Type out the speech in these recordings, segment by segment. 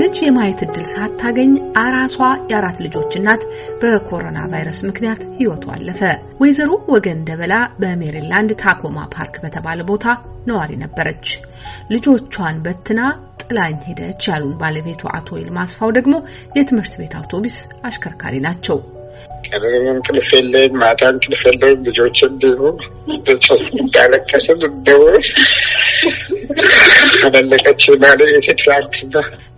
ልጅ የማየት እድል ሳታገኝ አራሷ የአራት ልጆች እናት በኮሮና ቫይረስ ምክንያት ህይወቱ አለፈ። ወይዘሮ ወገን ደበላ በሜሪላንድ ታኮማ ፓርክ በተባለ ቦታ ነዋሪ ነበረች። ልጆቿን በትና ጥላኝ ሄደች ያሉን ባለቤቱ አቶ ይልማስፋው ደግሞ የትምህርት ቤት አውቶቡስ አሽከርካሪ ናቸው። ቀንም እንቅልፍ የለኝ፣ ማታ እንቅልፍ የለኝ። ልጆች እንዲሁ እንዳለቀስም እንደወር አለቀች ባለቤቴ ትላንትና።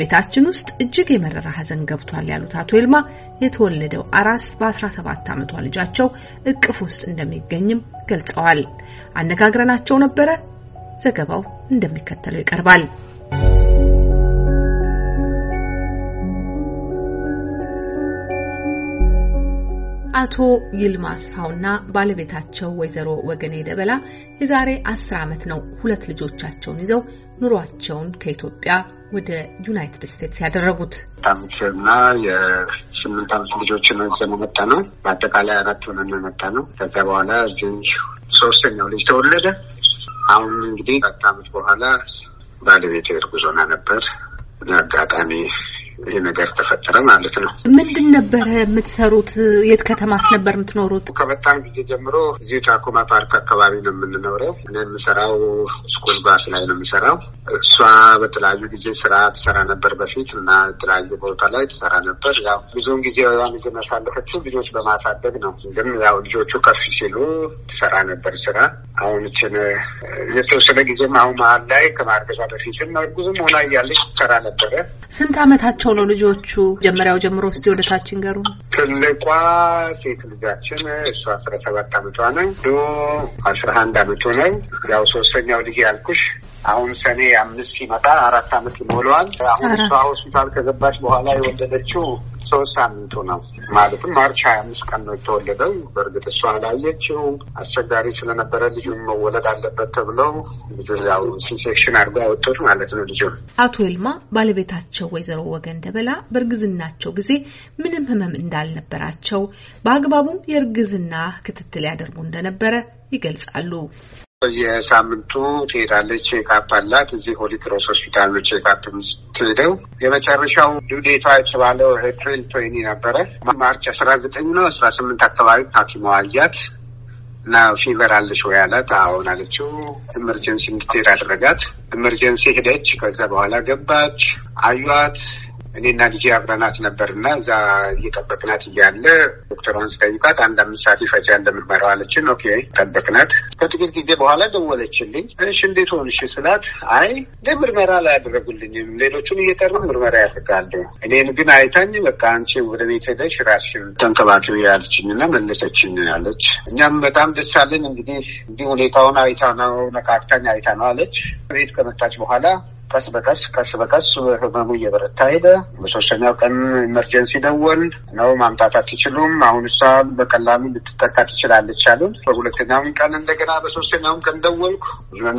ቤታችን ውስጥ እጅግ የመረራ ሀዘን ገብቷል ያሉት አቶ ይልማ የተወለደው አራስ በአስራ ሰባት አመቷ ልጃቸው እቅፍ ውስጥ እንደሚገኝም ገልጸዋል። አነጋግረናቸው ነበረ። ዘገባው እንደሚከተለው ይቀርባል። Thank you. አቶ ይልማ አስፋውና ባለቤታቸው ወይዘሮ ወገኔ ደበላ የዛሬ አስር ዓመት ነው ሁለት ልጆቻቸውን ይዘው ኑሯቸውን ከኢትዮጵያ ወደ ዩናይትድ ስቴትስ ያደረጉት። ታምችና የስምንት ዓመት ልጆችን ነው ይዘን መጣ ነው። በአጠቃላይ አራት ሆነን መጣ ነው። ከዚያ በኋላ እዚህ ሶስተኛው ልጅ ተወለደ። አሁን እንግዲህ አራት ዓመት በኋላ ባለቤት እርጉዝ ነበር። አጋጣሚ ይህ ነገር ተፈጠረ ማለት ነው። ምንድን ነበረ የምትሰሩት? የት ከተማስ ነበር የምትኖሩት? ከበጣም ጊዜ ጀምሮ እዚህ ታኮማ ፓርክ አካባቢ ነው የምንኖረው። እኔ የምሰራው ስኩል ባስ ላይ ነው የምሰራው። እሷ በተለያዩ ጊዜ ስራ ትሰራ ነበር በፊት እና የተለያዩ ቦታ ላይ ትሰራ ነበር። ያው ብዙውን ጊዜ ያን ግን ያሳለፈችው ልጆች በማሳደግ ነው። ግን ያው ልጆቹ ከፍ ሲሉ ትሰራ ነበር ስራ። አሁን ችን የተወሰነ ጊዜም አሁን መሀል ላይ ከማርገዟ በፊትም እርጉዝም ሆና እያለች ትሰራ ነበረ። ስንት አመታቸው ናቸው ነው ልጆቹ? መጀመሪያው ጀምሮ እስቲ ወደ ታችን ገሩ። ትልቋ ሴት ልጃችን እሱ አስራ ሰባት አመቷ ነው። ዱ አስራ አንድ አመቱ ነው። ያው ሶስተኛው ልጅ ያልኩሽ አሁን ሰኔ አምስት ሲመጣ አራት አመት ይሞላዋል። አሁን እሷ ሆስፒታል ከገባች በኋላ የወለደችው ሶስት ሳምንቱ ነው። ማለትም ማርች ሀያ አምስት ቀን ነው የተወለደው። በእርግጥ እሷ አላየችው አስቸጋሪ ስለነበረ ልጁ መወለድ አለበት ተብለው ልጁ ያው ሲንሴክሽን አድርጎ አወጡት ማለት ነው። ልጁ አቶ ይልማ ባለቤታቸው ወይዘሮ ወገን ደበላ በእርግዝናቸው ጊዜ ምንም ህመም እንዳልነበራቸው በአግባቡም የእርግዝና ክትትል ያደርጉ እንደነበረ ይገልጻሉ። በየሳምንቱ ትሄዳለች። ቼካፕ አላት። እዚህ ሆሊ ክሮስ ሆስፒታል ነው ቼካፕ የምትሄደው። የመጨረሻው ዱዴቷ የተባለው ኤፕሪል ቶኒ ነበረ። ማርች አስራ ዘጠኝ ነው አስራ ስምንት አካባቢ ሐኪሟ አያት እና ፊቨር አለሽ ወይ አላት። አሁን አለችው። ኤመርጀንሲ እንድትሄድ አደረጋት። ኤመርጀንሲ ሄደች። ከዛ በኋላ ገባች አዩዋት እኔና ልጄ አብረናት ነበርና እዛ እየጠበቅናት እያለ ዶክተሯን ስጠይቃት አንድ አምስት ሰዓት ይፈጃል ለምርመራው አለችን። ኦኬ ጠበቅናት። ከጥቂት ጊዜ በኋላ ደወለችልኝ። እሺ እንዴት ሆንሽ ስላት አይ ምርመራ ላይ ያደረጉልኝም ሌሎቹን እየጠሩ ምርመራ ያደርጋሉ። እኔን ግን አይታኝ በቃ አንቺ ወደ ቤት ሄደሽ ራስሽን ተንከባከቢ ያለችኝና መለሰችን አለች። እኛም በጣም ደስ አለን። እንግዲህ እንዲህ ሁኔታውን አይታ ነው ነካክታኝ አይታ ነው አለች። ቤት ከመጣች በኋላ ቀስ በቀስ ቀስ በቀስ ህመሙ እየበረታ ሄደ። በሶስተኛው ቀን ኢመርጀንሲ ደወል ነው ማምጣት አትችሉም፣ አሁን እሷ በቀላሉ ልትጠካ ትችላለች አሉን። በሁለተኛውም ቀን እንደገና በሶስተኛውም ቀን ደወልኩ።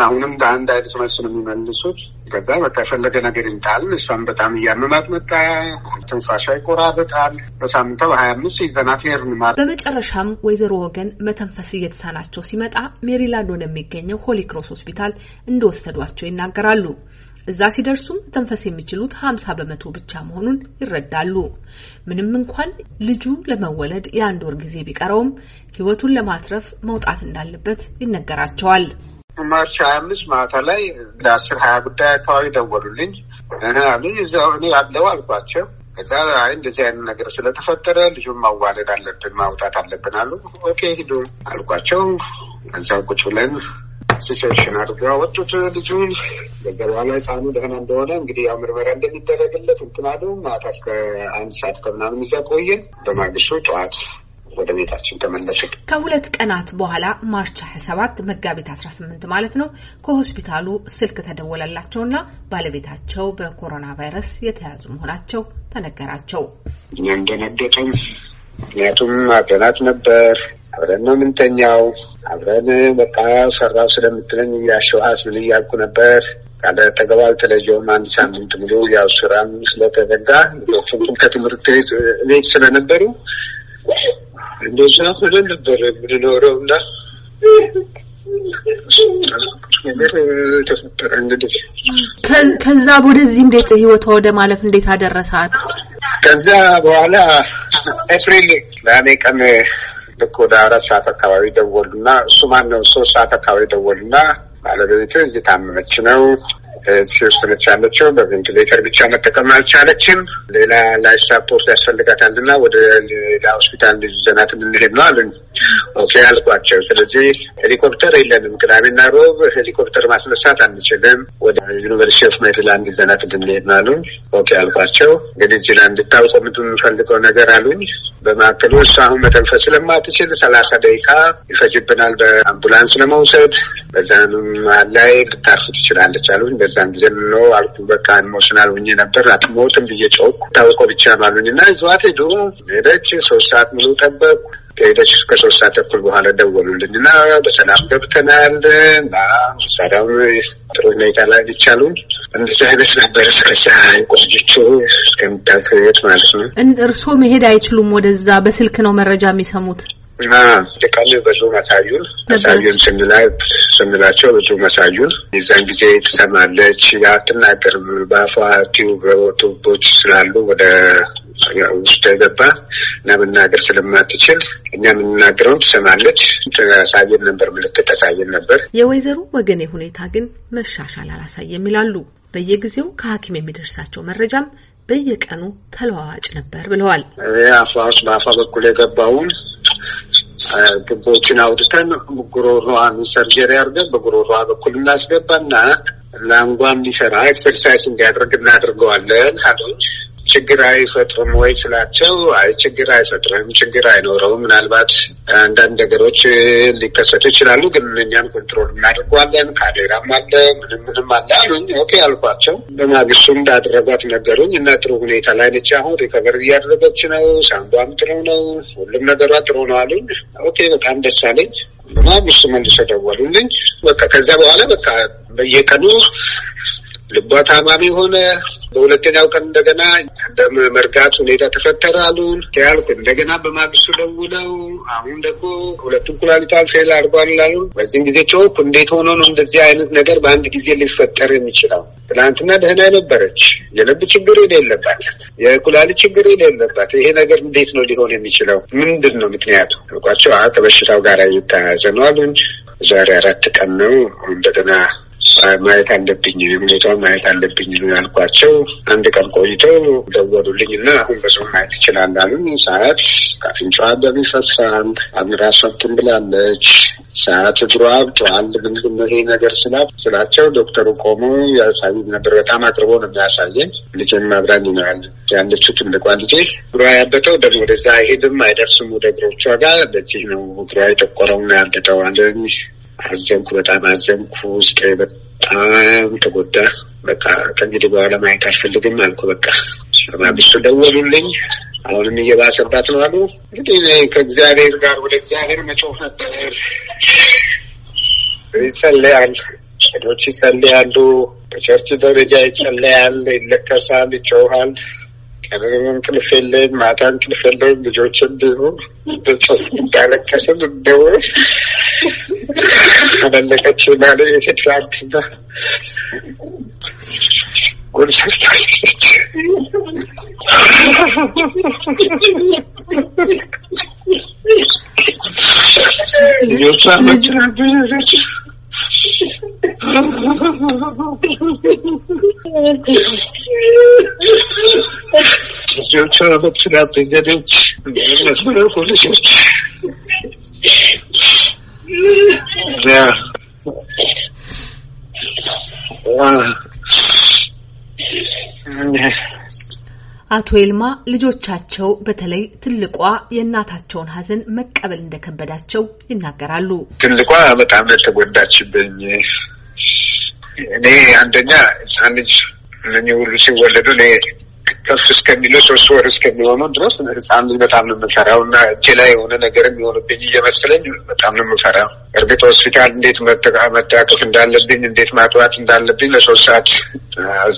አሁንም አንድ አይነት መልስ ነው የሚመልሱት። ከዛ በቃ የፈለገ ነገር ይምጣል። እሷም በጣም እያመማት መጣ፣ ትንፋሻ ይቆራረጣል። በሳምንተ በሀያ አምስት ይዘናት ሄድን ማለት። በመጨረሻም ወይዘሮ ወገን መተንፈስ እየተሳናቸው ሲመጣ ሜሪላንድ ወደሚገኘው ሆሊክሮስ ሆስፒታል እንደወሰዷቸው ይናገራሉ። እዛ ሲደርሱም መተንፈስ የሚችሉት 50 በመቶ ብቻ መሆኑን ይረዳሉ። ምንም እንኳን ልጁ ለመወለድ የአንድ ወር ጊዜ ቢቀረውም ህይወቱን ለማትረፍ መውጣት እንዳለበት ይነገራቸዋል። ማርች 25 ማታ ላይ ለአስር ሀያ ጉዳይ አካባቢ ደወሉልኝ አሉኝ። እዚያው እኔ ያለው አልኳቸው። ከዛ አይ እንደዚህ አይነት ነገር ስለተፈጠረ ልጁን ማዋለድ አለብን ማውጣት አለብን አሉ። ኦኬ ሂዱ አልኳቸው። ከዛ ቁጭ ብለን ሲሴሽን አድርገው አወጡት ልጁ በገባ ላይ ህፃኑ ደህና እንደሆነ እንግዲህ ያው ምርመራ እንደሚደረግለት እንትናሉ ማታ እስከ አንድ ሰዓት ከምናምን ይዛ ቆየን። በማግስቱ ጠዋት ወደ ቤታችን ተመለስን። ከሁለት ቀናት በኋላ ማርች 27 መጋቢት 18 ማለት ነው ከሆስፒታሉ ስልክ ተደወለላቸውና ባለቤታቸው በኮሮና ቫይረስ የተያዙ መሆናቸው ተነገራቸው። እኛም ደነገጥን። ምክንያቱም አገናት ነበር አብረን ነው የምንተኛው። አብረን በቃ ሰራው ስለምትለኝ እያሸዋት ምን እያልኩ ነበር ካለ ተገባል ተለጀውም አንድ ሳምንት ሙሉ ያው ስራም ስለተዘጋ ልጆቹም ከትምህርት ቤት ስለነበሩ እንደዛ ሆነ ነበር የምንኖረው እና ተፈጠረ። እንግዲህ ከዛ ወደዚህ እንዴት ህይወቷ ወደ ማለፍ እንዴት አደረሳት? ከዛ በኋላ ኤፕሪል ለእኔ ቀን ልክ ወደ አራት ሰዓት አካባቢ ደወሉና እሱ ማነው ሶስት ሰዓት አካባቢ ደወሉና ባለቤቱ እየታመመች ነው እዚህ ውስጥ ያለችው በቬንቲሌተር ብቻ መጠቀም አልቻለችም። ሌላ ላይ ሳፖርት ያስፈልጋታል እና ወደ ሌላ ሆስፒታል ይዘናት እንሄድ ነው አሉኝ። ኦኬ አልኳቸው። ስለዚህ ሄሊኮፕተር የለንም፣ ቅዳሜና ሮብ ሄሊኮፕተር ማስነሳት አንችልም። ወደ ዩኒቨርሲቲ ኦፍ ሜሪላንድ ይዘናት እንሄድ ነው አሉኝ። ኦኬ አልኳቸው። እንግዲህ እዚህ ላይ እንድታውቀው የምፈልገው ነገር አሉኝ በማዕከሉ ውስጥ አሁን መተንፈስ ስለማትችል ሰላሳ ደቂቃ ይፈጅብናል በአምቡላንስ ለመውሰድ በዛም ላይ ልታርፍ ትችላለች አሉኝ። በዛም ጊዜ ምኖ አልኩ። በቃ ኢሞሽናል ሁኜ ነበር። አትሞትም ብዬ ጮኩ። ታውቆ ብቻ ማሉኝ እና ይዘዋት ሄዱ። ሄደች። ሶስት ሰዓት ሙሉ ጠበቅ ከሄደች ከሶስት ሰዓት ተኩል በኋላ ደወሉልኝ እና በሰላም ገብተናል እና ሰላም ጥሩ ሁኔታ ላይ ይቻሉን። እንደዚህ አይነት ነበር እስከዛ ቆጆቹ እስከሚታሰየት ማለት ነው። እርስዎ መሄድ አይችሉም ወደዛ፣ በስልክ ነው መረጃ የሚሰሙት እና ደቃል በዙ መሳዩን መሳዩን ስንላቸው ብዙ መሳዩን የዛን ጊዜ ትሰማለች፣ አትናገርም። በአፏ ቲዩብ ቱቦች ስላሉ ወደ ውስጥ የገባ እና መናገር ስለማትችል እኛ የምንናገረውን ትሰማለች። ሳየን ነበር ምልክት ያሳየን ነበር። የወይዘሮ ወገኔ ሁኔታ ግን መሻሻል አላሳየም ይላሉ። በየጊዜው ከሐኪም የሚደርሳቸው መረጃም በየቀኑ ተለዋዋጭ ነበር ብለዋል። አፏ ውስጥ በአፏ በኩል የገባውን ግቦችን አውጥተን ጉሮሮዋን ሰርጀሪ አድርገን በጉሮሮዋ በኩል እናስገባና ላንጓ ሊሰራ ኤክሰርሳይዝ እንዲያደርግ እናደርገዋለን አሉኝ። ችግር አይፈጥሩም ወይ ስላቸው፣ አይ ችግር አይፈጥርም፣ ችግር አይኖረውም። ምናልባት አንዳንድ ነገሮች ሊከሰቱ ይችላሉ፣ ግን እኛም ኮንትሮል እናደርጓለን፣ ካዴራም አለ፣ ምንም ምንም አለ አሉኝ። ኦኬ አልኳቸው። በማግስቱ እንዳደረጓት ነገሩኝ እና ጥሩ ሁኔታ ላይ ነች፣ አሁን ሪከቨር እያደረገች ነው፣ ሳንቧም ጥሩ ነው፣ ሁሉም ነገሯ ጥሩ ነው አሉኝ። ኦኬ በጣም ደስ አለኝ። በማግስቱ መልሶ ደወሉልኝ። በቃ ከዚያ በኋላ በቃ በየቀኑ ልቧ ታማሚ ሆነ። በሁለተኛው ቀን እንደገና ደም መርጋት ሁኔታ ተፈጠረ አሉን ያልኩ። እንደገና በማግስቱ ደውለው አሁን ደግሞ ሁለቱም ኩላሊቷን ፌል አድርጓል ላሉ። በዚህም ጊዜ ጮክ፣ እንዴት ሆኖ ነው እንደዚህ አይነት ነገር በአንድ ጊዜ ሊፈጠር የሚችለው? ትናንትና ደህና ነበረች፣ የልብ ችግር የሌለባት፣ የኩላሊት ችግር የሌለባት፣ ይሄ ነገር እንዴት ነው ሊሆን የሚችለው? ምንድን ነው ምክንያቱ? ቋቸው ከበሽታው ጋር እየተያያዘ ነው አሉን። ዛሬ አራት ቀን ነው እንደገና ማየት አለብኝ ሁኔታውን ማየት አለብኝ ያልኳቸው አንድ ቀን ቆይተው ደወሉልኝ እና አሁን በሰው ማየት ይችላል አሉኝ። ሰዓት ከአፍንጫዋ ደም ይፈሳል፣ ራሷን ብላለች ሰዓት እግሯ አብጧል። ምንድን ይሄ ነገር ስላት ስላቸው ዶክተሩ ቆሞ ያሳይ ነበር። በጣም አቅርቦ ነው የሚያሳየን። ልጅም አብራኝ ነው ያለችው ትልቋ ልጄ። እግሯ ያበጠው ደግሞ ወደዛ አይሄድም አይደርስም ወደ እግሮቿ ጋር። ለዚህ ነው እግሯ የጠቆረውና ያበጠው አለኝ። አዘንኩ፣ በጣም አዘንኩ ውስጥ በጣም ተጎዳ። በቃ ከእንግዲህ በኋላ ማየት አልፈልግም አልኩ። በቃ ማግስቱ ደወሉልኝ። አሁንም እየባሰባት ነው አሉ። እንግዲህ ከእግዚአብሔር ጋር ወደ እግዚአብሔር መጮህ ነበር። ይጸለያል፣ ዶች ይጸለያሉ፣ በቸርች ደረጃ ይጸለያል፣ ይለከሳል፣ ይጮሃል እንቅልፍ ማታ እንቅልፍ የለውም። ልጆች እንዲሁ እንዳለቀስን እንደው አለቀች ባለቤቴ ትላንትና ጉድ ሰርታለች። ልጆቿ መችላል ብዙ ልጆች ገደች ልጆች አቶ ኤልማ ልጆቻቸው በተለይ ትልቋ የእናታቸውን ሐዘን መቀበል እንደከበዳቸው ይናገራሉ። ትልቋ በጣም ተጎዳችብኝ እኔ አንደኛ ህፃን ልጅ እነኚህ ሁሉ ሲወለዱ እኔ ከፍ እስከሚለው ሶስት ወር እስከሚሆነው ድረስ ህፃን ልጅ በጣም ነው የምፈራው እና እጅ ላይ የሆነ ነገር የሚሆንብኝ እየመሰለኝ በጣም ነው የምፈራው። እርግጥ ሆስፒታል እንዴት መታቀፍ እንዳለብኝ እንዴት ማጥዋት እንዳለብኝ ለሶስት ሰዓት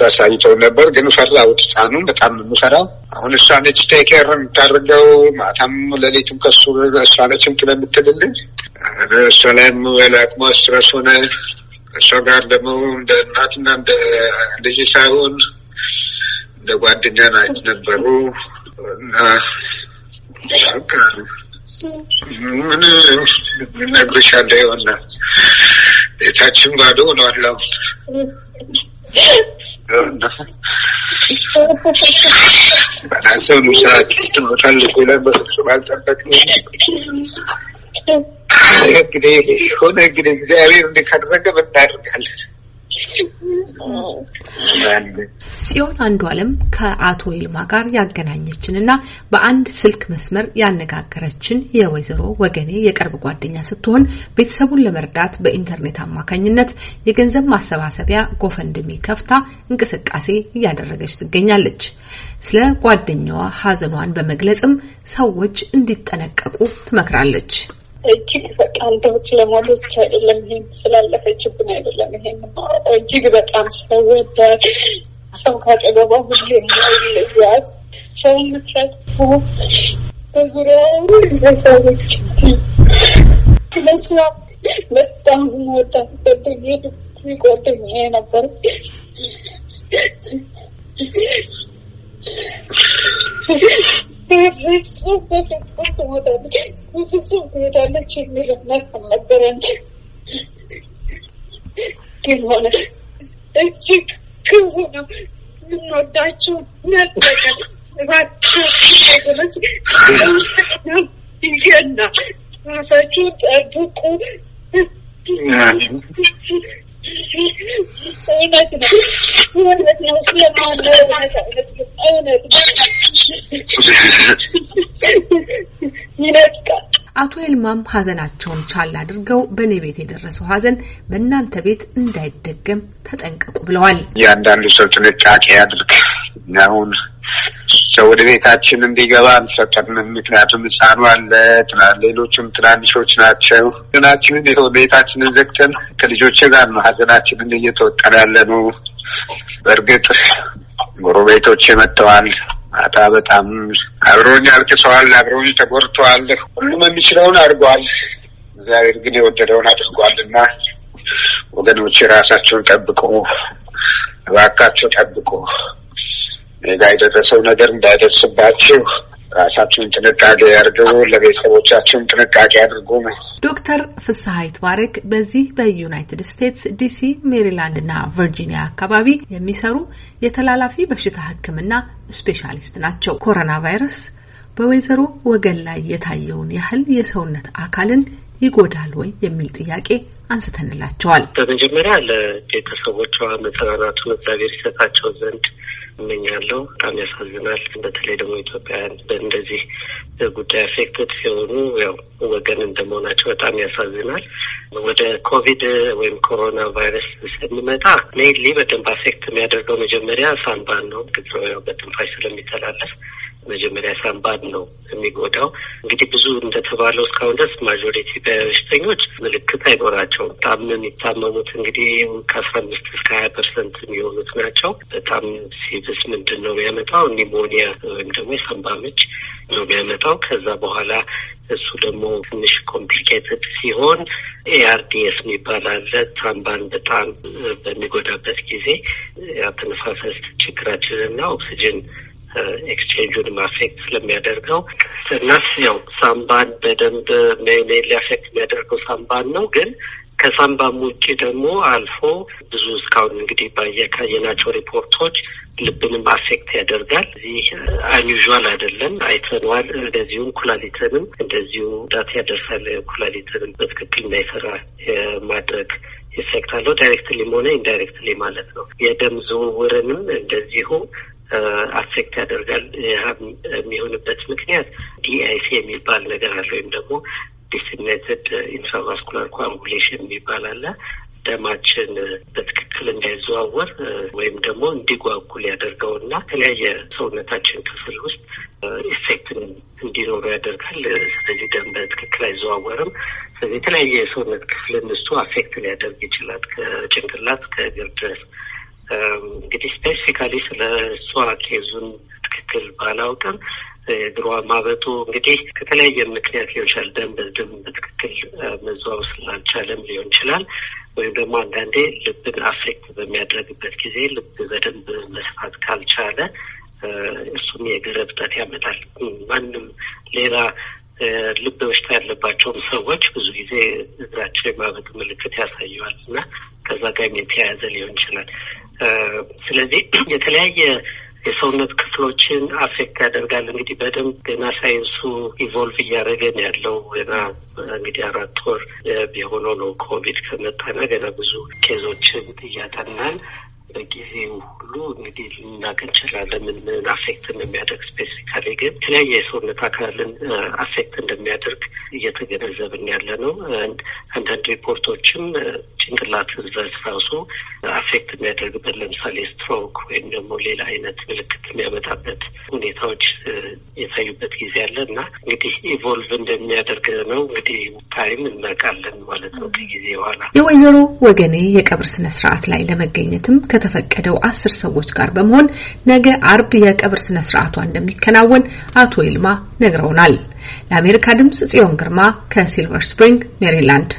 አሳይተው ነበር፣ ግን ፈራሁት። ህፃኑን በጣም ነው የምፈራው። አሁን እሷ ነች ቴክ የምታደርገው ማታም ለሌትም ከሱ እሷ ነች እንትን የምትልልኝ እሷ ላይም ወላቅሞ ስትረስ ሆነ እሷ ጋር ደግሞ እንደ እናትና እንደ ልጅ ሳይሆን እንደ ጓደኛ ናች ነበሩ እና ምን እነግርሻለሁ ይሆናል። ቤታችን ባዶ ሆኗል። ሰው ሰዓት ትሞታለች ብለን በፍጹም አልጠበቅንም። እንግዲህ ሆነ እንግዲህ እግዚአብሔር እንደካደረገ ጽዮን አንዱ አለም ከአቶ ይልማ ጋር ያገናኘችንና በአንድ ስልክ መስመር ያነጋገረችን የወይዘሮ ወገኔ የቅርብ ጓደኛ ስትሆን ቤተሰቡን ለመርዳት በኢንተርኔት አማካኝነት የገንዘብ ማሰባሰቢያ ጎፈንድሚ ከፍታ እንቅስቃሴ እያደረገች ትገኛለች። ስለ ጓደኛዋ ሐዘኗን በመግለጽም ሰዎች እንዲጠነቀቁ ትመክራለች። እጅግ በቃ እንደው ስለሞሎች አይደለም ይሄን ስላለፈችብን አይደለም ይሄን እጅግ በጣም ስለወዳል ሰው ካጠገቧ ሁሌ ያት ሰው ምትረት በዙሪያው ሰዎች ለስራ በጣም ወዳት ጓደኛዬ ጓደኛዬ ነበር። በፍጹም በፍጹም ትሞታለች፣ በፍጹም ትሞታለች የሚል እምነት አልነበረን። ግን ሆነ። እጅግ ክፉ ነው። የምንወዳቸው ነበረ ባቸች ይገና ራሳችሁን ጠብቁ። እውነት ነው፣ እውነት ነው። ስለማነ እውነት ነው። ይነጥቃል። አቶ ኤልማም ሀዘናቸውን ቻል አድርገው በእኔ ቤት የደረሰው ሀዘን በእናንተ ቤት እንዳይደገም ተጠንቀቁ ብለዋል። እያንዳንዱ ሰው ጥንቃቄ አድርግ ነውን ሰው ወደ ቤታችን እንዲገባ አልፈቀድንም። ምክንያቱም ህፃኑ አለ፣ ትና ሌሎችም ትናንሾች ናቸው። ሀዘናችንን ቤታችንን ዘግተን ከልጆች ጋር ነው ሀዘናችንን እየተወጠረ ያለ ነው። በእርግጥ ጎረቤቶች መጥተዋል። ማታ በጣም አብረውኝ አልቅሰዋል፣ አብረውኝ ተጎድተዋል። ሁሉም የሚችለውን አድርጓል። እግዚአብሔር ግን የወደደውን አድርጓልና ወገኖች ራሳቸውን ጠብቁ፣ እባካቸው ጠብቁ። ጋ የደረሰው ነገር እንዳይደርስባችሁ ራሳችሁን ጥንቃቄ ያድርጉ፣ ለቤተሰቦቻችሁን ጥንቃቄ አድርጉ። ዶክተር ፍስሀ ይትባረክ በዚህ በዩናይትድ ስቴትስ ዲሲ፣ ሜሪላንድ እና ቨርጂኒያ አካባቢ የሚሰሩ የተላላፊ በሽታ ሕክምና ስፔሻሊስት ናቸው። ኮሮና ቫይረስ በወይዘሮ ወገን ላይ የታየውን ያህል የሰውነት አካልን ይጎዳል ወይ የሚል ጥያቄ አንስተንላቸዋል። በመጀመሪያ ለቤተሰቦቿ መጽናናቱን እግዚአብሔር ይሰጣቸው ዘንድ እመኛለሁ። በጣም ያሳዝናል። በተለይ ደግሞ ኢትዮጵያውያን በእንደዚህ ጉዳይ አፌክትድ ሲሆኑ ያው ወገን እንደመሆናቸው በጣም ያሳዝናል። ወደ ኮቪድ ወይም ኮሮና ቫይረስ ስንመጣ ሜይንሊ በደንብ አፌክት የሚያደርገው መጀመሪያ ሳንባን ነው። ግዝሮ ያው በትንፋሽ ስለሚተላለፍ መጀመሪያ ሳምባን ነው የሚጎዳው። እንግዲህ ብዙ እንደተባለው እስካሁን ድረስ ማጆሪቲ በሽተኞች ምልክት አይኖራቸውም። በጣም የሚታመሙት እንግዲህ ከአስራ አምስት እስከ ሀያ ፐርሰንት የሚሆኑት ናቸው። በጣም ሲብስ ምንድን ነው የሚያመጣው ኒሞኒያ ወይም ደግሞ የሳምባ ምች ነው የሚያመጣው። ከዛ በኋላ እሱ ደግሞ ትንሽ ኮምፕሊኬትድ ሲሆን ኤአርዲኤስ የሚባል አለ። ሳምባን በጣም በሚጎዳበት ጊዜ ያተነፋፈስ ችግራችንና ኦክሲጅን ኤክስቼንጁን አፌክት ስለሚያደርገው እና ያው ሳምባን በደንብ ሜይን ሊያፌክት የሚያደርገው ሳምባን ነው ግን ከሳምባም ውጭ ደግሞ አልፎ ብዙ እስካሁን እንግዲህ ባየካየናቸው ሪፖርቶች ልብንም አፌክት ያደርጋል። እዚህ አንዩዥዋል አይደለም፣ አይተነዋል። እንደዚሁም ኩላሊትንም እንደዚሁ ዳት ያደርሳል። ኩላሊትንም በትክክል እንዳይሰራ የማድረግ ኢፌክት አለው። ዳይሬክትሊም ሆነ ኢንዳይሬክትሊ ማለት ነው። የደም ዝውውርንም እንደዚሁ አፌክት ያደርጋል። ያም የሚሆንበት ምክንያት ዲአይሲ የሚባል ነገር አለ ወይም ደግሞ ዲስሚኔትድ ኢንትራቫስኩላር ኮአንጉሌሽን የሚባል አለ። ደማችን በትክክል እንዳይዘዋወር ወይም ደግሞ እንዲጓጉል ያደርገውና የተለያየ ሰውነታችን ክፍል ውስጥ ኢፌክትን እንዲኖሩ ያደርጋል። ስለዚህ ደም በትክክል አይዘዋወርም። ስለዚህ የተለያየ የሰውነት ክፍልን እሱ አፌክት ሊያደርግ ይችላል፣ ከጭንቅላት ከእግር ድረስ እንግዲህ ስፔሲካሊ ስለ እሷ ኬዙን ትክክል ባላውቅም እግሯ ማበጡ እንግዲህ ከተለያየ ምክንያት ሊሆን ይችላል። ደም በደም በትክክል መዘዋወር ስላልቻለም ሊሆን ይችላል። ወይም ደግሞ አንዳንዴ ልብን አፌክት በሚያደርግበት ጊዜ ልብ በደንብ መስፋት ካልቻለ እሱም የእግር እብጠት ያመጣል። ማንም ሌላ ልብ በሽታ ያለባቸውም ሰዎች ብዙ ጊዜ እግራቸው የማበጥ ምልክት ያሳየዋል እና ከዛ ጋር የተያያዘ ሊሆን ይችላል። ስለዚህ የተለያየ የሰውነት ክፍሎችን አፌክት ያደርጋል። እንግዲህ በደንብ ገና ሳይንሱ ኢቮልቭ እያደረገ ነው ያለው። ገና እንግዲህ አራት ወር የሆነው ነው ኮቪድ ከመጣና ገና ብዙ ኬዞችን እያጠናን በጊዜው ሁሉ እንግዲህ ልናቅ እንችላለን ምን ምን አፌክት እንደሚያደርግ ስፔሲ በተለይ ግን የተለያየ የሰውነት አካልን አፌክት እንደሚያደርግ እየተገነዘብን ያለ ነው። አንዳንድ ሪፖርቶችም ጭንቅላት ድረስ ራሱ አፌክት የሚያደርግበት ለምሳሌ ስትሮክ ወይም ደግሞ ሌላ አይነት ምልክት የሚያመጣበት ሁኔታዎች የታዩበት ጊዜ አለ እና እንግዲህ ኢቮልቭ እንደሚያደርግ ነው እንግዲህ ታይም እናውቃለን ማለት ነው ከጊዜ በኋላ። የወይዘሮ ወገኔ የቀብር ስነ ስርዓት ላይ ለመገኘትም ከተፈቀደው አስር ሰዎች ጋር በመሆን ነገ አርብ የቀብር ስነ ስርዓቷ እንደሚከናወን አቶ ይልማ ነግረውናል። ለአሜሪካ ድምጽ ጽዮን ግርማ ከሲልቨር ስፕሪንግ ሜሪላንድ